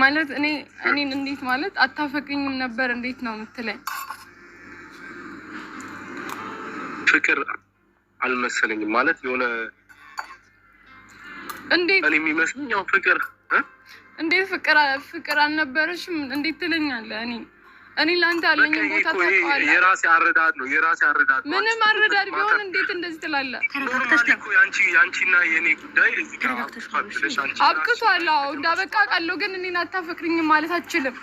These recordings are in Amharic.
ማለት እኔ እኔን እንዴት ማለት አታፈቅኝም ነበር እንዴት ነው የምትለኝ? ፍቅር አልመሰለኝም ማለት የሆነ እንዴት እኔ የሚመስለኝ ያው ፍቅር እንዴት ፍቅር ፍቅር አልነበረሽም እንዴት ትለኛለህ እኔ እኔ ለአንተ አለኝም ቦታ ታውቀዋለህ። የራሴ አረዳድ ነው የራሴ አረዳድ ነው። ምንም አረዳድ ቢሆን እንዴት እንደዚህ ትላለህ? ያንቺና የእኔ ጉዳይ አብቅቷል። አዎ እንዳበቃ ቃለው፣ ግን እኔን አታፈቅርኝም ማለት አችልም።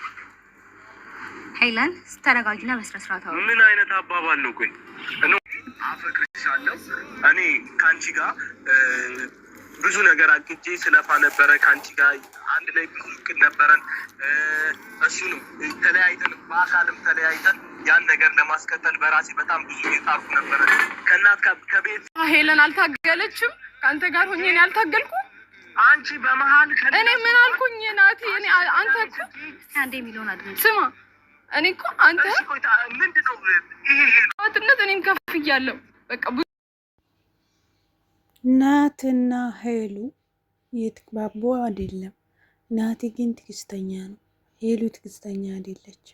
ሀይላን ስተረጋጅና በስነ ስርዓት ምን አይነት አባባል ነው? ቆይ አፈቅርሻለሁ እኔ ከአንቺ ጋር ብዙ ነገር አግጄ ስለፋ ነበረ ከአንቺ ጋር አንድ ላይ ብዙ እቅድ ነበረን። እሱንም ተለያይተን በአካልም ተለያይተን ያን ነገር ለማስከተል በራሴ በጣም ብዙ የጣርኩ ነበረ። ከእናት ከቤት ሄለን አልታገለችም። ከአንተ ጋር ሆኜ እኔ አልታገልኩ። አንቺ በመሀል እኔ ምን አልኩኝ? ናቲ እኔ አንተ እኮ አንዴ የሚለውን አድ ስማ፣ እኔ እኮ አንተ ምንድነው ይሄ እኔም ከፍ እያለሁ በቃ ናትና ሄሉ የትግባቦ አይደለም። ናቲ ግን ትግስተኛ ነው፣ ሄሉ ትግስተኛ አይደለች።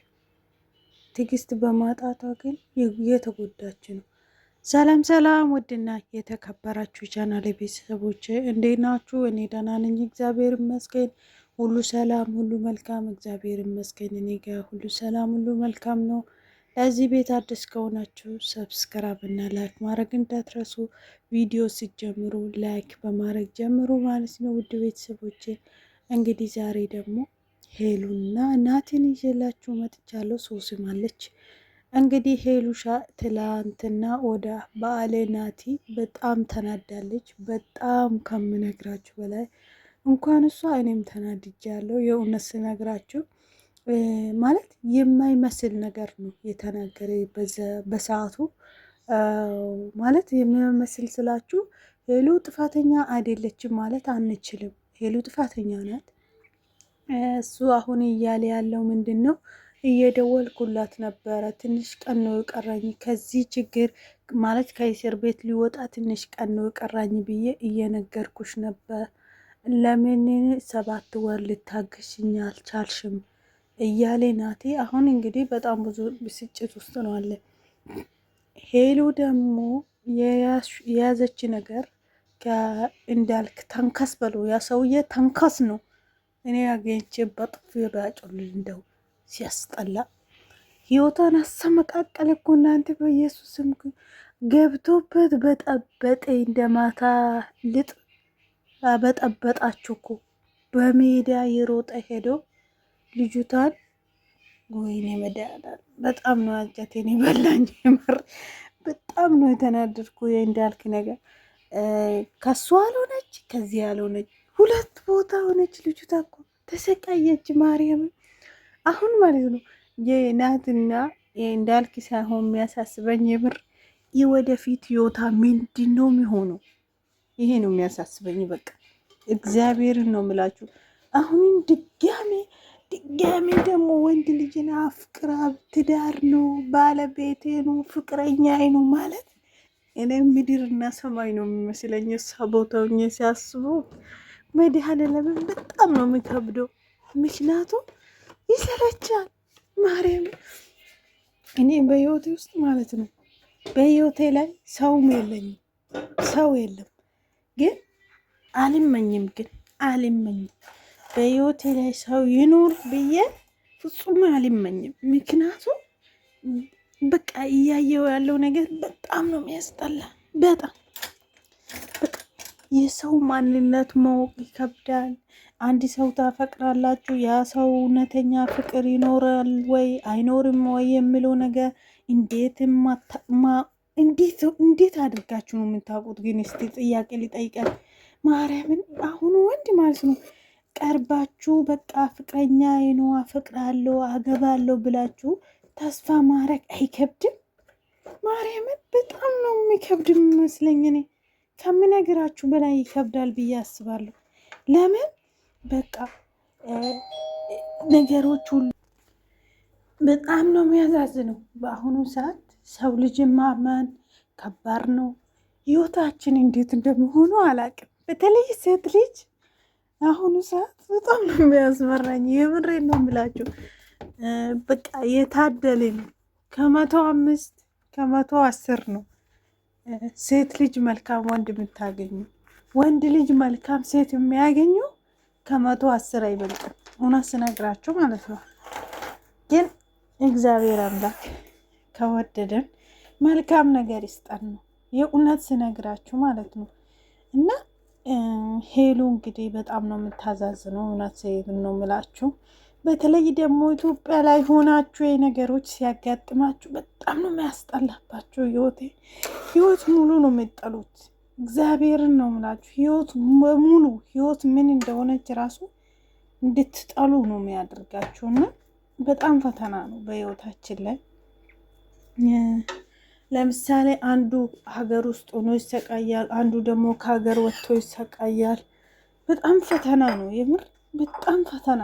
ትግስት በማጣቷ ግን የተጎዳች ነው። ሰላም ሰላም! ውድና የተከበራችሁ ቻናል ቤተሰቦች እንዴት ናችሁ? እኔ ደህና ነኝ፣ እግዚአብሔር ይመስገን። ሁሉ ሰላም፣ ሁሉ መልካም፣ እግዚአብሔር ይመስገን። እኔ ጋር ሁሉ ሰላም፣ ሁሉ መልካም ነው። ለዚህ ቤት አዲስ ከሆናችሁ ሰብስክራብ እና ላይክ ማድረግ እንዳትረሱ። ቪዲዮ ሲጀምሩ ላይክ በማድረግ ጀምሩ ማለት ነው። ውድ ቤተሰቦቼ እንግዲህ ዛሬ ደግሞ ሄሉና ናቲን ይዤላችሁ መጥቻለሁ። ሶስም አለች እንግዲህ ሄሉሻ ትላንትና ወደ በአሌ ናቲ በጣም ተናዳለች። በጣም ከምነግራችሁ በላይ እንኳን እሷ እኔም ተናድጃለሁ የእውነት ስነግራችሁ ማለት የማይመስል ነገር ነው የተናገረ በሰዓቱ ማለት የሚመስል ስላችሁ ሄሉ ጥፋተኛ አይደለችም ማለት አንችልም። ሄሉ ጥፋተኛ ናት። እሱ አሁን እያለ ያለው ምንድን ነው? እየደወልኩላት ነበረ። ትንሽ ቀን ነው ከዚህ ችግር ማለት ከእስር ቤት ሊወጣ ትንሽ ቀን ነው ብዬ እየነገርኩሽ ነበር። ለምን ሰባት ወር ልታገሽኝ አልቻልሽም? እያሌ ናቲ አሁን እንግዲህ በጣም ብዙ ብስጭት ውስጥ ነው አለ። ሄሉ ደግሞ የያዘች ነገር እንዳልክ ተንከስ በሎ ያ ሰውዬ ተንከስ ነው። እኔ አገኝቼ በጥፍ ራጮል እንደው ሲያስጠላ ህይወቷን አሰመቃቀል እኮ እናንተ በኢየሱስም ገብቶበት በጠበጠ እንደማታ ልጥ በጠበጣችሁ እኮ በሜዳ የሮጠ ሄደው ልጁታል ወይኔ መዳዳል በጣም ነው አንጀቴን የበላኝ። የምር በጣም ነው የተናደድኩ። እንዳልክ ነገር ከሱ አልሆነች ከዚህ ያልሆነች ሁለት ቦታ ሆነች። ልጁታ እኮ ተሰቃየች። ማርያም አሁን ማለት ነው የናትና እንዳልክ ሳይሆን የሚያሳስበኝ የምር የወደፊት ዮታ ምንድን ነው የሚሆነው? ይሄ ነው የሚያሳስበኝ። በቃ እግዚአብሔርን ነው የምላችሁ አሁንም ድጋሜ ድጋሜ ደግሞ ወንድ ልጅን አፍቅራ ትዳር ነው ባለቤቴ ነው ፍቅረኛ ነው ማለት እኔ ምድርና ሰማይ ነው የሚመስለኝ። እሷ ቦታውኝ ሲያስቡ ለምን በጣም ነው የሚከብደው። ምክንያቱም ይሰለቻል። ማርያም እኔ በህይወቴ ውስጥ ማለት ነው በህይወቴ ላይ ሰውም የለኝም፣ ሰው የለም። ግን አልመኝም ግን አልመኝም በህይወቴ ላይ ሰው ይኖር ብዬ ፍጹም አልመኝም። ምክንያቱም በቃ እያየው ያለው ነገር በጣም ነው የሚያስጠላ። በጣም በቃ የሰው ማንነት ማወቅ ይከብዳል። አንድ ሰው ታፈቅራላችሁ፣ ያ ሰው እውነተኛ ፍቅር ይኖራል ወይ አይኖርም ወይ የሚለው ነገር እንዴት እንዴት አድርጋችሁ ነው የምታውቁት? ግን እስቲ ጥያቄ ሊጠይቀል ማርያምን አሁኑ ወንድ ማለት ነው ቀርባችሁ በቃ ፍቅረኛ አለው አፈቅራለሁ አገባለሁ ብላችሁ ተስፋ ማድረግ አይከብድም? ማርያምን በጣም ነው የሚከብድ የሚመስለኝ። እኔ ከምነግራችሁ በላይ ይከብዳል ብዬ አስባለሁ። ለምን በቃ ነገሮች ሁሉ በጣም ነው ነው በአሁኑ ሰዓት ሰው ልጅ ማመን ከባድ ነው። ህይወታችን እንዴት እንደመሆኑ አላውቅም። በተለይ ሴት ልጅ አሁኑ ሰዓት በጣም ነው የሚያስመራኝ። የምሬ ነው የምላችሁ። በቃ ነው ከመቶ አምስት ከመቶ አስር ነው ሴት ልጅ መልካም ወንድ የምታገኙ። ወንድ ልጅ መልካም ሴት የሚያገኙ ከመቶ አስር አይበልጥም። እውነት ስነግራችሁ ማለት ነው። ግን እግዚአብሔር አምላክ ከወደደን መልካም ነገር ይስጠን ነው የእውነት ስነግራችሁ ማለት ነው እና ሄሉ እንግዲህ በጣም ነው የምታዛዝነው። እውነት ነው የምላችሁ። በተለይ ደግሞ ኢትዮጵያ ላይ ሆናችሁ ነገሮች ሲያጋጥማችሁ በጣም ነው የሚያስጠላባችሁ። ህይወቴ ህይወት ሙሉ ነው የሚጠሉት። እግዚአብሔርን ነው የምላችሁ። ህይወት በሙሉ ህይወት ምን እንደሆነች ራሱ እንድትጠሉ ነው የሚያደርጋችሁ እና በጣም ፈተና ነው በህይወታችን ላይ ለምሳሌ አንዱ ሀገር ውስጥ ሆኖ ይሰቃያል፣ አንዱ ደግሞ ከሀገር ወጥቶ ይሰቃያል። በጣም ፈተና ነው የምር በጣም ፈተና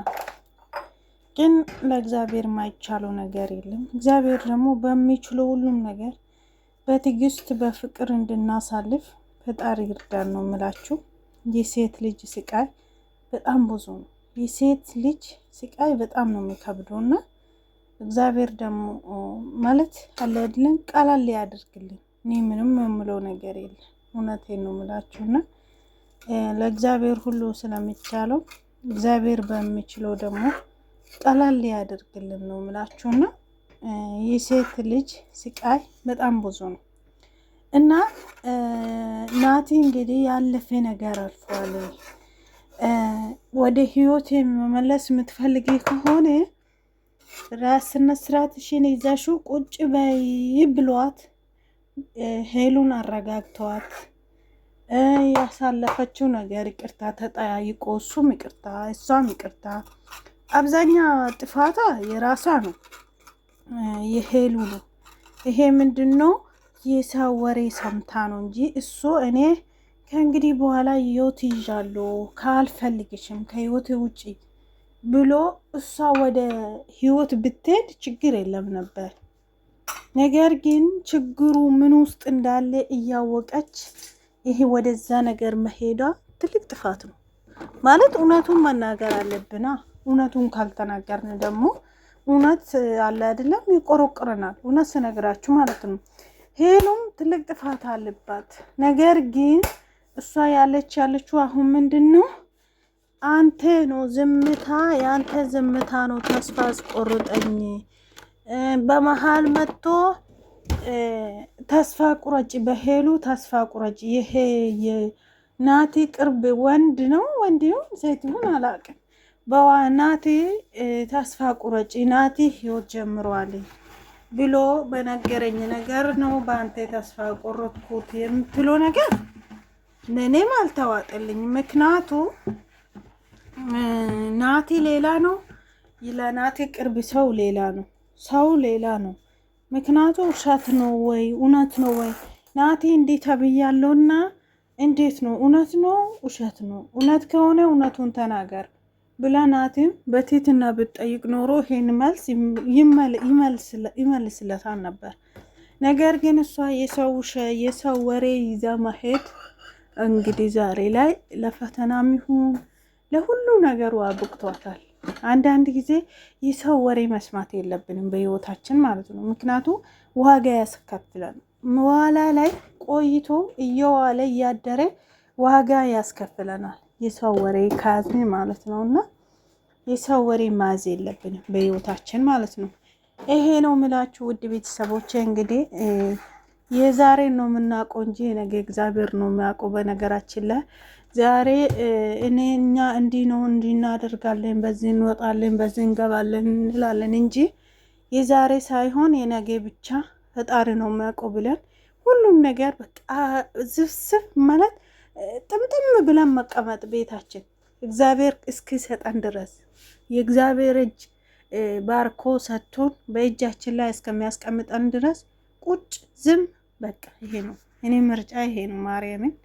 ግን ለእግዚአብሔር የማይቻለው ነገር የለም። እግዚአብሔር ደግሞ በሚችለው ሁሉም ነገር በትዕግስት በፍቅር እንድናሳልፍ ፈጣሪ ይርዳን ነው የምላችሁ። የሴት ልጅ ስቃይ በጣም ብዙ ነው። የሴት ልጅ ስቃይ በጣም ነው የሚከብደው እና እግዚአብሔር ደግሞ ማለት አለ ቀላል ያደርግልኝ። እኔ ምንም የምለው ነገር የለም። እውነቴን ነው የምላችሁና ለእግዚአብሔር ሁሉ ስለሚቻለው እግዚአብሔር በሚችለው ደግሞ ቀላል ያደርግልን ነው የምላችሁና የሴት ልጅ ስቃይ በጣም ብዙ ነው እና ናቲ እንግዲህ ያለፈ ነገር አልፏል። ወደ ህይወት የመመለስ የምትፈልጊ ከሆነ ራስና ስርዓትሽን ይዛሽው ቁጭ በይ ብሏት ሄሉን አረጋግተዋት ያሳለፈችው ነገር ይቅርታ ተጠያይቆ እሱም ይቅርታ እሷም ይቅርታ። አብዛኛ ጥፋቷ የራሷ ነው የሄሉ ነው። ይሄ ምንድን ነው? የሰው ወሬ ሰምታ ነው እንጂ እሱ እኔ ከእንግዲህ በኋላ ህይወት ይዣለሁ ካልፈልግሽም ከህይወት ውጪ ብሎ እሷ ወደ ህይወት ብትሄድ ችግር የለም ነበር። ነገር ግን ችግሩ ምን ውስጥ እንዳለ እያወቀች ይሄ ወደዛ ነገር መሄዷ ትልቅ ጥፋት ነው ማለት እውነቱን መናገር አለብና እውነቱን ካልተናገርን ደግሞ እውነት አለ አይደለም ይቆረቁረናል። እውነት ስነግራችሁ ማለት ነው። ሄሉም ትልቅ ጥፋት አለባት። ነገር ግን እሷ ያለች ያለችው አሁን ምንድን ነው አንተ ነው ዝምታ፣ የአንተ ዝምታ ነው ተስፋ አስቆርጠኝ። በመሀል መጥቶ ተስፋ ቁረጭ፣ በሄሉ ተስፋ ቁረጭ። ይሄ ናቲ ቅርብ ወንድ ነው ወንድ ነው ሴት ይሁን አላውቅም። በዋናቲ ተስፋ ቁረጭ፣ ናቲ ህይወት ጀምሯል ብሎ በነገረኝ ነገር ነው በአንተ ተስፋ ቆረጥኩት የምትሎ ነገር ለእኔም አልተዋጠልኝ ምክንያቱ ናቲ ሌላ ነው፣ ለናቲ ቅርብ ሰው ሌላ ነው፣ ሰው ሌላ ነው። ምክንያቱ ውሸት ነው ወይ እውነት ነው ወይ? ናቲ እንዲህ ተብያለሁና እንዴት ነው እውነት ነው ውሸት ነው? እውነት ከሆነ እውነቱን ተናገር ብላ ናቲም በትህትና ብትጠይቅ ኖሮ ይሄን መልስ ይመልስለታል ነበር። ነገር ግን እሷ የሰው ውሸ የሰው ወሬ ይዛ መሄድ እንግዲህ ዛሬ ላይ ለፈተናም ይሁን ለሁሉ ነገሩ አብቅቷታል። አንዳንድ ጊዜ የሰው ወሬ መስማት የለብንም በህይወታችን ማለት ነው። ምክንያቱ ዋጋ ያስከፍላል። መዋላ ላይ ቆይቶ እየዋለ እያደረ ዋጋ ያስከፍለናል። የሰው ወሬ ከያዝን ማለት ነው እና የሰው ወሬ ማዝ የለብንም በህይወታችን ማለት ነው። ይሄ ነው ምላችሁ ውድ ቤተሰቦች እንግዲህ የዛሬ ነው የምናውቀው እንጂ ነገ እግዚአብሔር ነው የሚያውቀው። በነገራችን ላይ ዛሬ እኔ እኛ እንዲህ ነው እንዲህ እናደርጋለን፣ በዚህ እንወጣለን፣ በዚህ እንገባለን እንላለን እንጂ የዛሬ ሳይሆን የነገ ብቻ ፈጣሪ ነው የሚያውቀው ብለን ሁሉም ነገር በቃ ዝብስብ ማለት ጥምጥም ብለን መቀመጥ ቤታችን እግዚአብሔር እስኪሰጠን ድረስ የእግዚአብሔር እጅ ባርኮ ሰጥቶን በእጃችን ላይ እስከሚያስቀምጠን ድረስ ቁጭ ዝም በቃ ይሄ ነው። እኔ ምርጫ ይሄ ነው ማርያምን